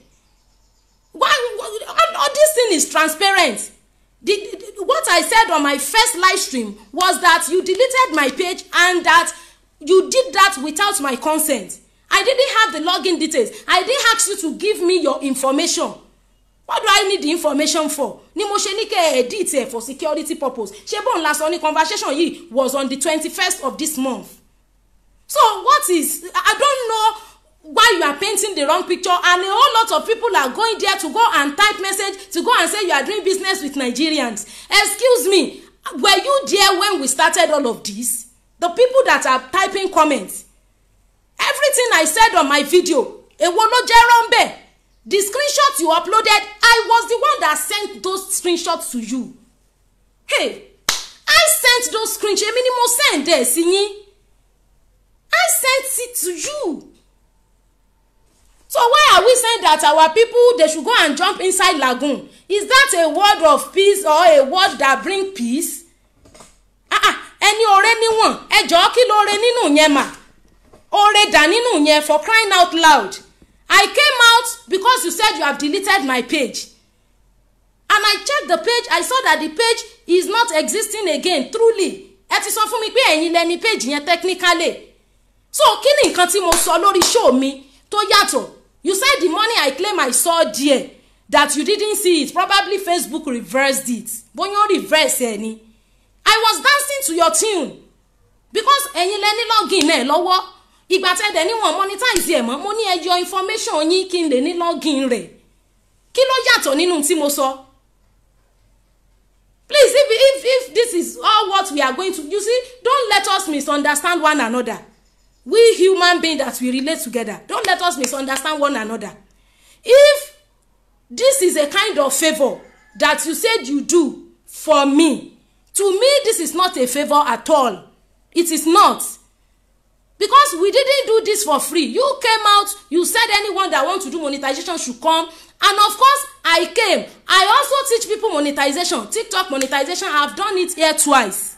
why, why all this thing is transparent the, the, what I said on my first live stream was that you deleted my page and that you did that without my consent I didn't have the login details I didn't ask you to give me your information what do I need the information for ni mo ṣe ní kẹ́ edit ẹ̀ for security purpose ṣé bóun la sọ conversation yìí was on the twenty first of this month so what is I don't know why you are painting the wrong picture and a whole lot of people are going there to go and type message to go and say you are doing business with nigerians excuse me were you there when we started all of this the people that are typing comments everything i said on my video èwo ló jẹ́ rọ́ńbẹ́ the screenshot you uploaded i was the one that sent those screenshots to you hey i sent those screenshots èmi ni mo send there, sí i sent it to you So why are we saying that our people they should go and jump inside lagoon? Is that a word of peace or a word that bring peace? Ah, ah Ẹni oore níwọ̀n ẹjọ́ kí lóore nínú yẹn mà? Oore dà nínú yẹn for crying out loud. I came out because you said you have deleted my page. And I checked the page I saw that the page is not existing again truly. Ẹ ti sọ fún mi pé ẹ̀yin lẹni page yẹn technically. So kí ni nǹkan tí mo sọ lórí show mi tó yàtọ̀ you say the morning i claim i saw there that you didn't see it probably facebook reversed it bóyá reverse ẹ i was dancing to your tune because ẹ̀yin lẹ ní login náà lọ́wọ́ ìgbà tẹ́dẹ̀ ní wọn monetize ẹ̀ mọ́ mo ní ẹ information yín kí n lè ní login rẹ̀ kí ló yàtọ̀ nínú tí mo sọ. please if if if this is all what we are going to you see don't let us misunderstand one another we human being that we relate together don't let us misunderstand one another if this is a kind of favour that you said you do for me to me this is not a favour at all it is not because we didn't do this for free you came out you said anyone that want to do monetization should come and of course i came i also teach people monetization tiktok monetization i have done it here twice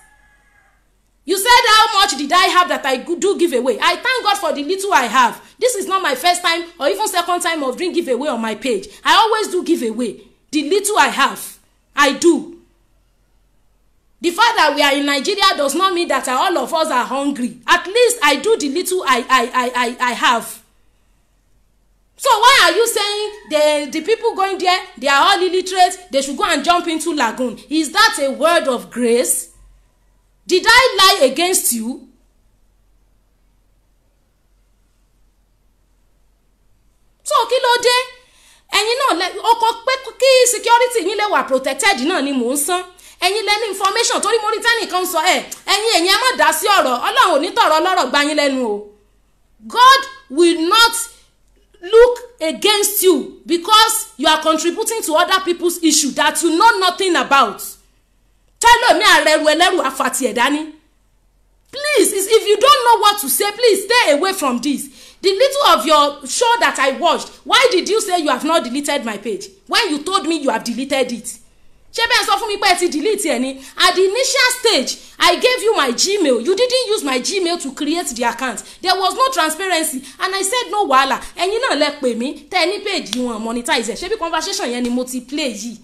you said how much did i have that i do give away i thank god for the little i have this is not my first time or even second time of doing give away on my page i always do give away the little i have i do the fact that we are in nigeria does not mean that all of us are hungry at least i do the little i i i i, I have so why are you saying the the people going there they are all illiterate they should go and jump into lagoon is that a word of grace did I lie against you? so kí ló dé ẹ̀yin náà ọkọ̀ pé kí security yín lè wà protected náà ni mò ń san ẹ̀yin lẹ́ni information torí mo rí tẹ́nìkan sọ ẹ̀ ẹ̀yin ẹ̀yin ẹ má dá sí ọ̀rọ̀ ọlọ́run ò ní tọ̀rọ̀ ọlọ́rọ̀ gba yín lẹ́nu o God will not look against you because you are contributing to other people's issue that you know nothing about tẹ́lọ̀mí àrẹ̀rù ẹlẹ́rù àfàtì ẹ̀dá ni please if you don't know what to say please stay away from this the little of your show that i watched why did you say you have not deleted my page when you told me you have deleted it ṣé bẹ́ẹ̀ sọ fún mi pé ẹ ti delete ẹ ni at the initial stage i gave you my gmail you didn't use my gmail to create the account there was no transparency and i said no wahala ẹ̀yin náà lẹ pè mí tẹ́ ẹ ní page wọn monetize ẹ̀ ṣé bí conversation yẹn ni mo ti play yìí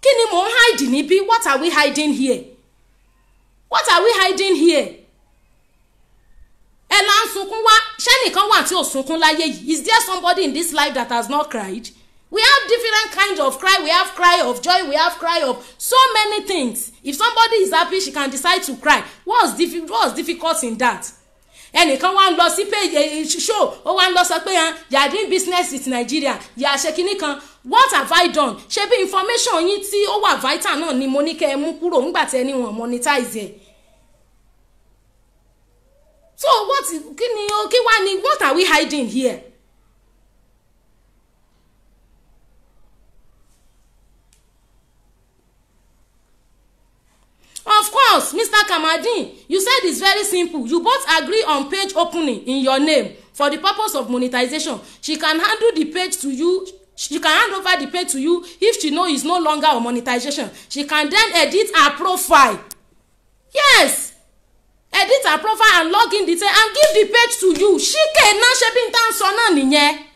kí ni mò ń hide níbí what are we hiding here what are we hiding here ẹ là ń sunkún wá ṣẹ́nìkan wà tí ò sunkún láyé yìí is there somebody in this life that has not cried we have different kinds of cry we have cry of joy we have cry of so many things if somebody is happy she can decide to cry what's, diffi what's difficult in that ẹnìkan wá ń lọ sí page eh, show ó wá ń lọ sọ pé you are doing business with Nigeria yà ṣe kinní kan what have I done ṣé bí information yín tí ó wà vital náà ni mo ní kẹ́ ẹ mú kúrò ńgbà tẹ́ ni wọ́n monetize ẹ̀ so what kí ni kí wá ni what are we hiding here of course mr kamadin you said it's very simple you both agree on page opening in your name for the purpose of monetization she can handle the page to you she can hand over the page to you if she know it's no longer on monetization she can then edit her profile yes edit her profile and login detail and give the page to you ṣíkè náà ṣe bí n tá n sọ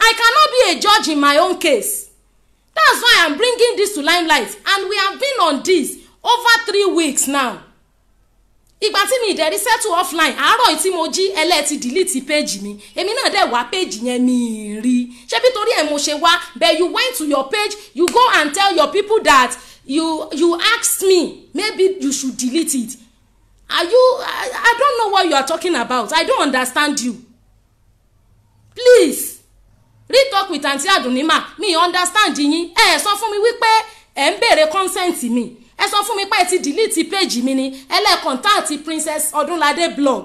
i cannot be a judge in my own case that's why i'm bringing this to limelight and we have been on this over three weeks now ìgbà tí mi ìdẹ̀rí settle offline àárọ̀ tí mo jí ẹlẹ́ẹ̀tì delete page mi èmi náà dẹ̀ wá page yẹn mi rí ṣé bí torí ẹ̀ mo ṣe wá but you went to your page you go and tell your people that you you asked me maybe you should delete it are you I, I don't know what you are talking about I don't understand you please read talk with aunty adunima mi understand yín ẹ sọ fún mi wípé ẹ ń béèrè consent mi ẹ sọ fún mi pé ẹ ti delete page mi ni ẹlẹ́kọ̀ntàǹtì princess ọdúnládé blog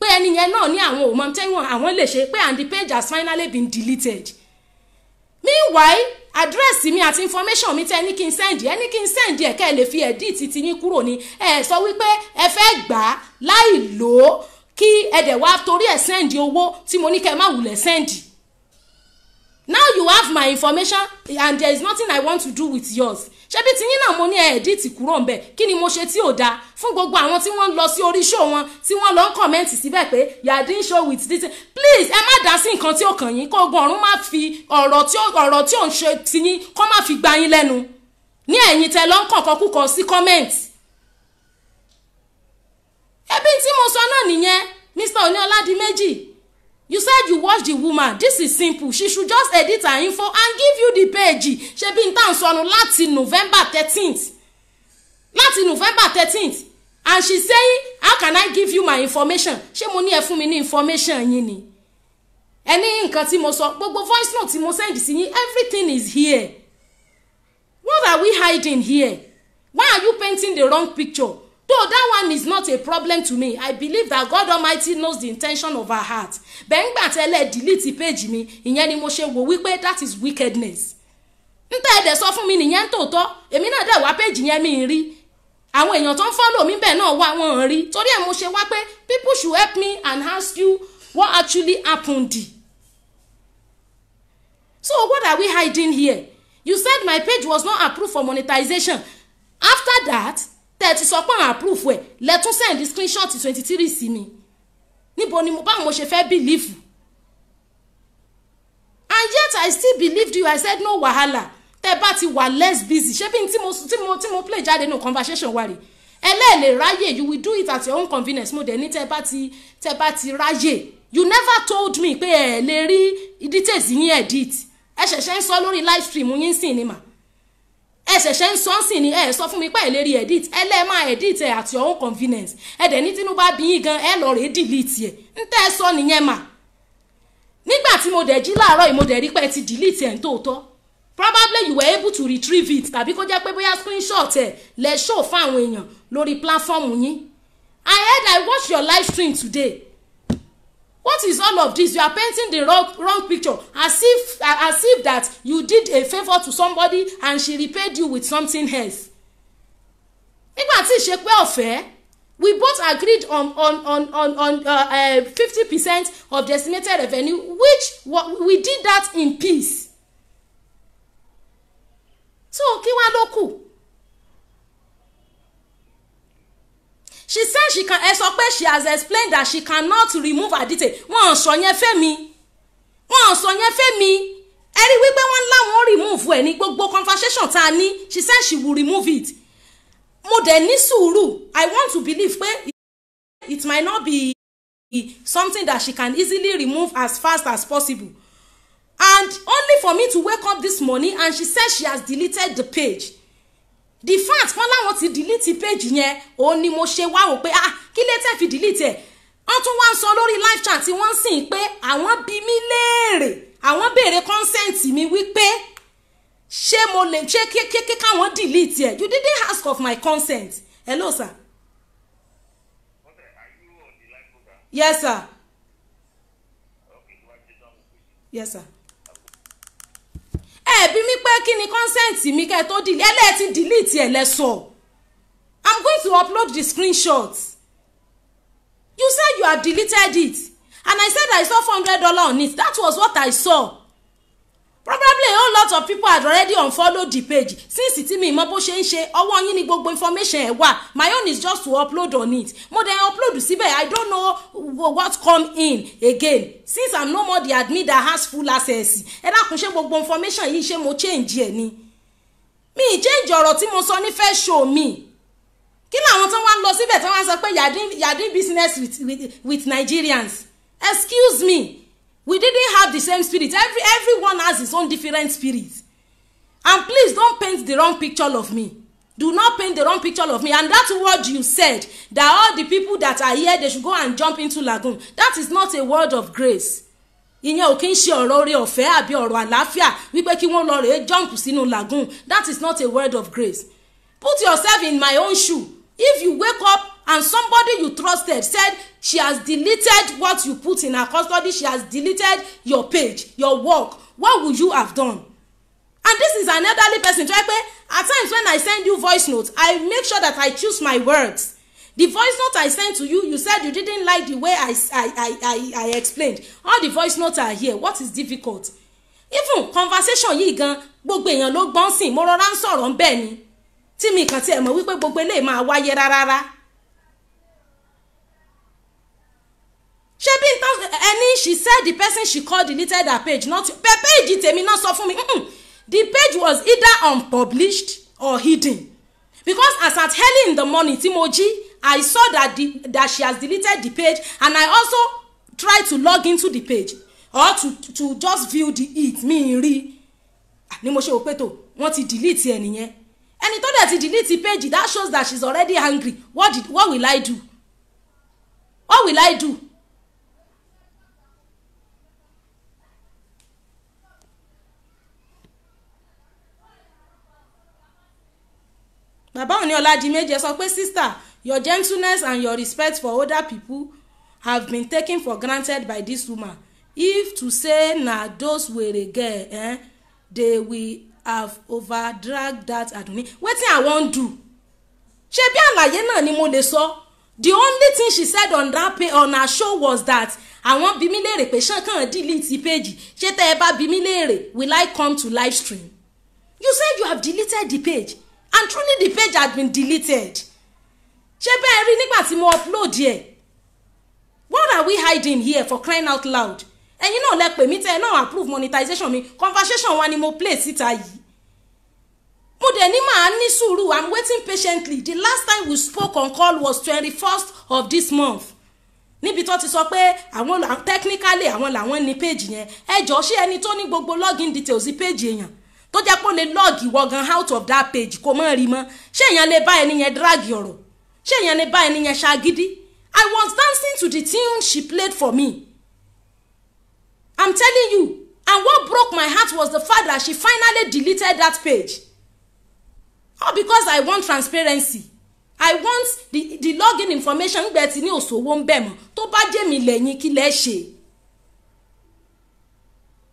pé ẹni yẹn náà ní àwọn ò mọ tẹ́wọ̀n àwọn lè ṣe pé and the page has finally been deleted meanwhile address mi àti information mi tẹ́ ní kí n send ẹ ní kí n send ẹ kẹ́ ẹ lè fi edit ti yín kúrò ní ẹ sọ wípé ẹ fẹ́ gbà á láì lò ó kí ẹ dẹ̀ wá torí ẹ send owó tí mo ní kẹ́ ẹ má wulẹ̀ send now you have my information and there is nothing i want to do with yours ṣebí tiyín náà mo ní ẹ ẹdítì kúrò ń bẹ kí ni mo ṣe tí ò dáa fún gbogbo àwọn tí wọ́n ń lọ sí orí ṣó wọn tí wọ́n lọ ń kọmẹǹtì síbẹ̀ pé yàdín ṣó with this please ẹ má dá sí nǹkan tí ó kàn yín kó ogun ọ̀run má fi ọ̀rọ̀ tí ọ̀rọ̀ tí ò ń ṣe tiyín kó má fi gba yín lẹ́nu ní ẹ̀yìn tẹ lọ ń kọ̀ọ̀kan kúkọ sí kọ́mẹ̀ǹtì ẹbí tí mo sọ náà nìyẹn mr oníọlá méjì you said you watch the woman this is simple she should just edit her info and give you the page ṣebí n tàn sọnù láti november thirteenth láti november thirteenth and she say how can i give you my information ṣé mo ní ẹ fún mi ní information yín ni ẹni nǹkan tí mo sọ gbogbo voice note tí mo send sí yín everything is here what are we hiding here why are you painting the wrong picture though that one is not a problem to me i believe that god almighty knows the intention of our heart bẹ́ẹ̀ ńgbà tẹ́lẹ̀ delete page mi ìyẹn ni mo ṣe wò wípé that is wickedness ntẹ́ ẹ̀dẹ̀ sọ fún mi nìyẹn tòótọ́ èmi náà dẹ̀ wá page yẹn mi rí àwọn èèyàn tó ń fọ́lọ̀ mi bẹ́ẹ̀ náà wá wọn rí torí ẹ̀ mo ṣe wá pé people should help me and ask you what actually happened so what are we hiding here you said my page was not approved for monetization after that tẹ́ ti sọ pé àwọn àpúrùfù ẹ̀ lẹ́tún sẹ́ǹdì screenshot twenty three sí mi níbo ni mo báwo mo ṣe fẹ́ bìlífù and yet I still believed you I said no wahala tẹ́ bá ti wà less busy ṣé bí n tí mo tí mo tí mo play jáde nù conversation wa rè ẹlẹ́ẹ̀lẹ̀ ráyè you will do it at your own convenience mo dẹ̀ ní tẹ́ bá ti tẹ́ bá ti ráyè you never told me pé ẹ lè rí details yín edit ẹ ṣẹ̀ṣẹ̀ ń sọ lórí live stream yín sìn ni mà ẹ ṣẹ̀ṣẹ̀ ń sọ sí ni ẹ sọ fún mi pé ẹ edit ẹ lẹ́ẹ̀ máa edit ẹ at your convenience ẹ dẹ̀ ní tinubu bí gan ẹ lọ rèé delete ẹ ń tẹ́ ẹ sọ nìyẹn mà nígbà tí mo dẹ̀ jí láàárọ̀ yìí mo dẹ̀ rí pé ẹ ti delete ẹ̀ ń tòótọ́ probably you were able to retrieve it tàbí kó jẹ́ pé bóyá screenshot ẹ̀ lè show fáwọn èèyàn lórí platform yín I heard I watched your live stream today what is all of this you are painting the wrong wrong picture as if uh, as if that you did a favour to somebody and she repaid you with something else nígbà tí ìṣe pé ọ̀fẹ́ we both agreed on on on on on uh, uh, fifty uh, percent uh, of designated revenue which we did that in peace so kí wá ló kù she can ẹ sọ pé she has explained that she cannot remove her detail wọn ò sọ yẹn fẹ́mi wọn ò sọ yẹn fẹ́mi ẹ rí wípé wọ́n láwọn remove ẹ̀ ní gbogbo conversation tá a ní she said she will remove it mo dẹ̀ ní sùúrù i want to believe pé it might not be something that she can easily remove as fast as possible and only for me to wake up this morning and she said she has deleted the page the fact wọn láwọn ti delete page yẹn òun ni mo ṣe wá wò pé ah kí lè tẹ̀ fi delete ẹ̀ wọ́n tún wá ń sọ lórí live chat tí wọ́n sì ń pé àwọn bi mí léèrè àwọn béèrè consent mi wípé ṣé mo lè ṣe kékeré káwọn delete ẹ̀ you didn't ask of my consent hello sir. yes sir. yes sir ẹ bí mi pé kí ni consent mi kẹ́ tó delete ẹlẹ́ẹ̀ ti delete ẹ̀ lẹ́sọ̀ i'm going to upload the screenshot you said you have deleted it and i said i saw four hundred dollars on it that was what i saw probably a lot of people had already unfollowed the page since tí mi mọ bó ṣe ń ṣe ọwọ́ yín ni gbogbo information ẹ̀ wà my own is just to upload on it mo dẹ̀ upload síbẹ̀ i don't know what come in again since i'm no more the admin that has full access ẹ dákun ṣe gbogbo information yìí ṣe mo change ẹ̀ ni mi change ọ̀rọ̀ tí mo sọ ní fẹ́ show mi kí làwọn tó wá ń lọ síbẹ̀ tó wá ń sọ pé yàdín business with, with, with nigerians excuse me we didn't have the same spirit every everyone has his own different spirit and please don't paint the wrong picture of me do not paint the wrong picture of me and that word you said that all the people that are here they should go and jump into lagoon that is not a word of grace ìyẹn ò kí ń ṣe ọ̀rọ̀ oore ọ̀fẹ́ àbí ọ̀rọ̀ àlàáfíà wípé kí wọ́n lọ rèé jump sínú lagoon that is not a word of grace put yourself in my own shoe if you wake up and somebody you trusted said she has deleted what you put in her custody she has deleted your page your work what would you have done and this is an elderly person try pe at times when i send you voice note i make sure that i choose my words the voice note i send to you you said you didn't like the way i i i i, explained all the voice notes are here what is difficult even conversation yìí gan gbogbo èèyàn ló gbọ́n sìn mo rọra ń sọ̀rọ̀ ń bẹ́ẹ̀ ni tí mi kàn tiẹ̀ mọ̀ wípé gbogbo eléyìí máa wáyé rárá rárá. ṣebí n ẹni she said the person she called deleted her page not pe page tèmi náà sọ fún mi the page was either unpublished or hidden because as at early in the morning tí i saw that the that she has deleted the page and i also tried to log into the page or to to just view the it mi rí ah, ni mo ṣe wò pé tó wọ́n ti delete ẹ nìyẹn ẹni tó dẹ̀ ti delete page that shows that she's already angry what did what will i do what will i do bàbá òní ọ̀làdìmẹ́jẹ sọ pé sister your gentleness and your respect for older people have been taken for granted by this woman if to say na those were girl eh, they will have overdragged that adunni wetin i wan do ṣebí àlàyé náà ni mo lè sọ the only thing she said on that pay on her show was that àwọn bí mi léèrè pé ṣánkàn delete page ṣé tẹ́ ẹ bá bí mi léèrè will i come to live stream you said you have deleted the page and truly the page has been deleted ṣé bẹ́ẹ̀ rí nígbà tí mo upload ẹ̀ what are we hiding here for crying out loud ẹ̀yin náà lẹ pè mí tẹ́ ẹ náà approve monetization mi conversation wa ni mo play síta yìí mo dẹ̀ ní màá ní sùúrù i'm waiting patiently the last time we spoke on call was twenty first of this month níbi tó ti sọ pé àwọn technically àwọn làwọn ní page yẹn ẹ jọ ṣé ẹni tó ní gbogbo login details page èèyàn tó jẹ́ pé ó lè lọ́ọ̀gì wọ out of that page kó mọ̀ rí mọ́ ṣé èèyàn lè bá ẹni yẹn drag ọ̀rọ̀ ṣé èèyàn lè bá ẹni yẹn ṣagídí I was dancing to the tune she played for me I'm telling you and what broke my heart was the fact that she finally deleted that page all because I want transparency I want the the login information gbẹ ti ní òṣòwò ń bẹ̀ mọ́ tó bá jẹ́ mi lẹ́yìn kí lẹ́ ṣe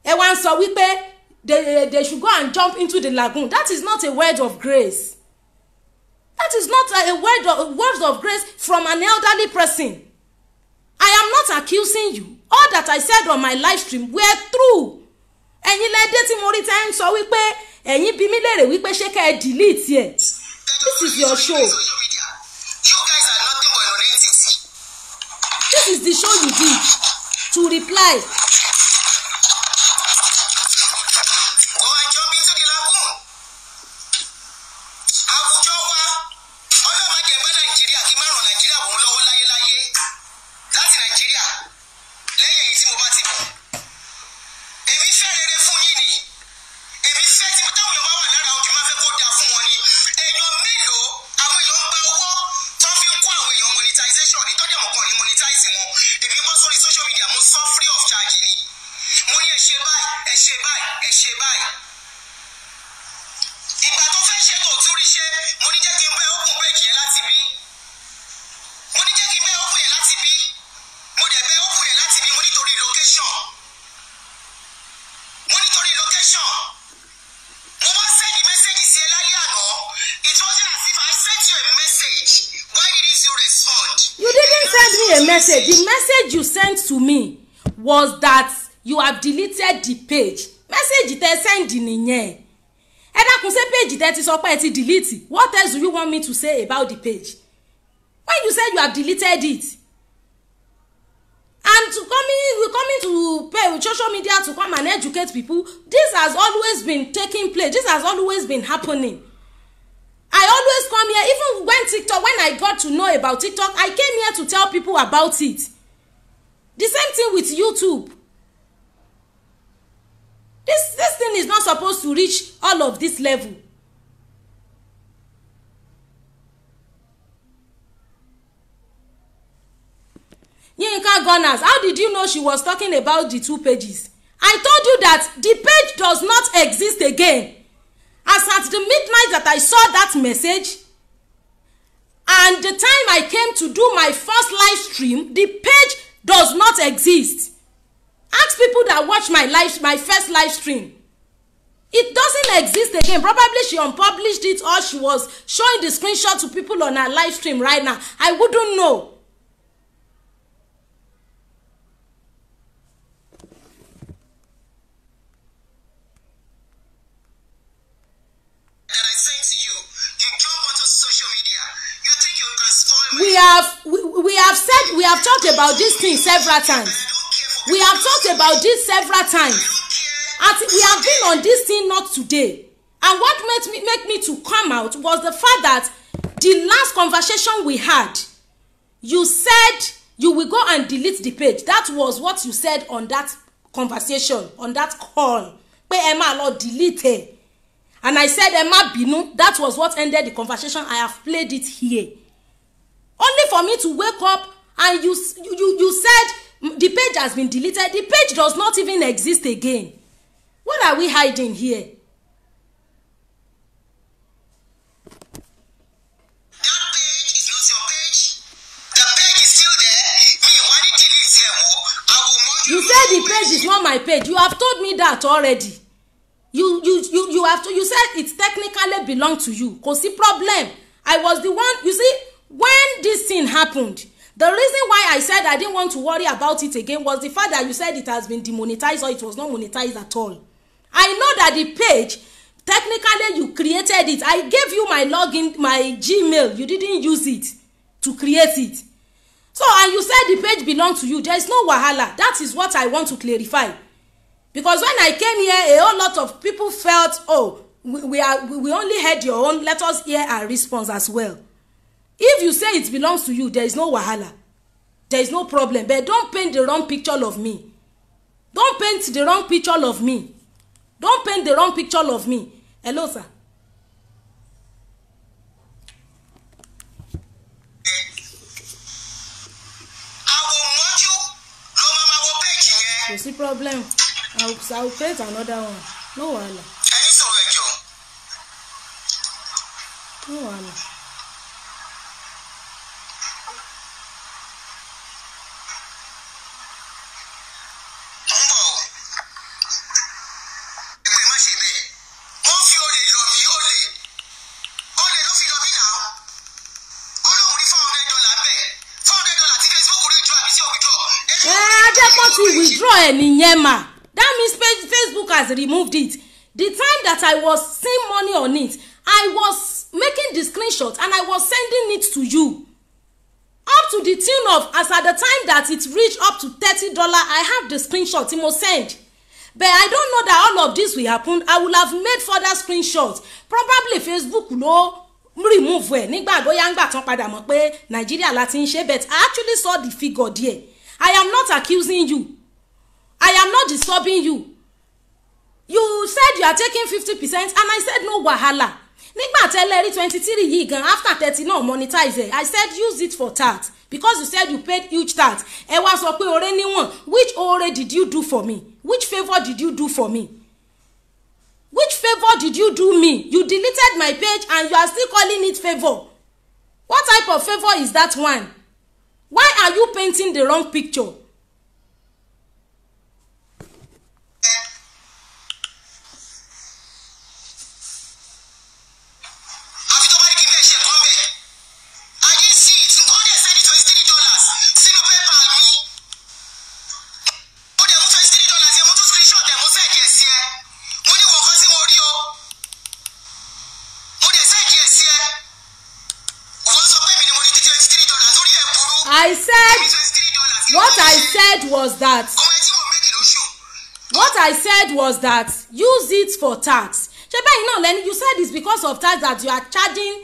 ẹ wá ń sọ wípé they they should go and jump into the lagoon that is not a word of grace that is not a word of words of grace from an elderly person i am not accusing you all that i said on my live stream were true ẹ̀yin lẹ́dẹ́ tí mo rí tẹ́ ń sọ wípé ẹ̀yin bí mi léèrè wípé ṣé ká ẹ delete ẹ̀ this is your show this is the show you did to reply ṣe báyìí ìgbà tó fẹ́ ṣe tó tún rí ṣe mo ní jẹ́ kí n bẹ́ ọkùn péjì yẹn láti bí mo ní jẹ́ kí n bẹ́ ọkùn yẹn láti bí mo dẹ̀ bẹ́ ọkùn yẹn láti bí mo nítorí location mo nítorí location mo wá sẹ́ni mẹ́sẹ̀gì sí ẹ láyé àná it wasn't as if I sent you a message why didn't you respond. you didn't send me a message the message you sent to me was that you have deleted the page Page tẹ Send nìyẹn ẹ dákun ṣé péjì tẹ ti sọ pé ẹ ti delete what else do you want me to say about the page when you say you have deleted it and to coming we coming to pay social media to come and educate people this has always been taking place this has always been happening i always come here even when tiktok when i got to know about tiktok i came here to tell people about it the same thing with youtube this this thing is not supposed to reach all of this level Yinka Gunners how did you know she was talking about the two pages I told you that the page does not exist again as at the midnight that I saw that message and the time I came to do my first live stream the page does not exist ask people that watch my live my first live stream it doesn't exist again probably she unpublished it or she was showing the screenshot to people on her live stream right now i wouldn't know we have we, we have said we have talked about this thing several times we have talked about this several times as we have been on this thing not today and what made me make me to come out was the fact that the last conversation we had you said you will go and delete the page that was what you said on that conversation on that call pé Emma máa delete ẹ and i said Emma Binu. that was what ended the conversation i have played it here only for me to wake up and you you you said the page has been deleted the page does not even exist again what are we hiding here. you say the page is not my page you have told me that already you you you you have to you said it technically belong to you kò sí problem i was the one you see when this thing happened The reason why I said I didn't want to worry about it again was the fact that you said it has been demonetized or it was not monetized at all. I know that the page technically you created it. I gave you my login, my Gmail. You didn't use it to create it. So and you said the page belonged to you. There is no wahala. That is what I want to clarify. Because when I came here, a whole lot of people felt, oh, we, we are we only heard your own. Let us hear our response as well if you say it belongs to you there is no wahala there is no problem but don paint the wrong picture of me don paint the wrong picture of me don paint the wrong picture of me hello sir. kò sí problem i will, I will create another one no wahala no wahala. ẹ̀ that means Facebook has removed it the time that I was seeing money on it I was making the screenshot and I was sending it to you up to the tune of as at the time that it reached up to thirty dollar I have the screenshot tí mo send but I don't know that all of this will happen I will have made further screenshots probably Facebook ló remove ẹ nígbà bóyá ń gbà tán padà mọ̀ pé Nàìjíríà la ń ṣe bet I actually saw the figure there I am not accusing you I am not disturbing you. You said you are taking fifty percent and I said no wahala. Nígbà tẹ́lẹ̀ twenty three yìí gan after thirty náà monetize it. I said use it for tax because you said you paid huge tax. Ẹ wá sọ pé oore níwọ̀n which oore did you do for me? Which favour did you do for me? Which favour did you do me? You deleted my page and you are still calling it favour. What type of favour is that one? Why are you painting the wrong picture? i said was that use it for tax ṣe bẹ́ẹ̀ náà lẹ́ni you said it's because of tax that you are charging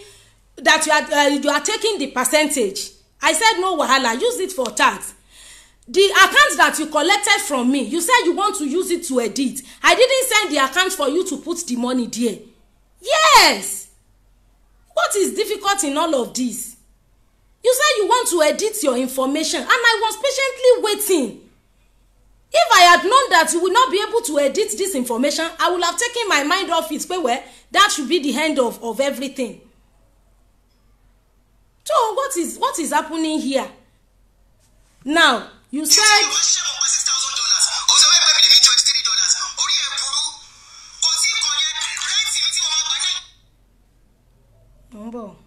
that you are uh, you are taking the percentage i said no wahala use it for tax the account that you collected from me you said you want to use it to edit i didn't send the account for you to put the money there yes what is difficult in all of this you said you want to edit your information and i was patiently waiting if i had known that you would not be able to edit this information i would have taken my mind off it pé well that should be the end of of everything so what is what is happening here now you said. mo ń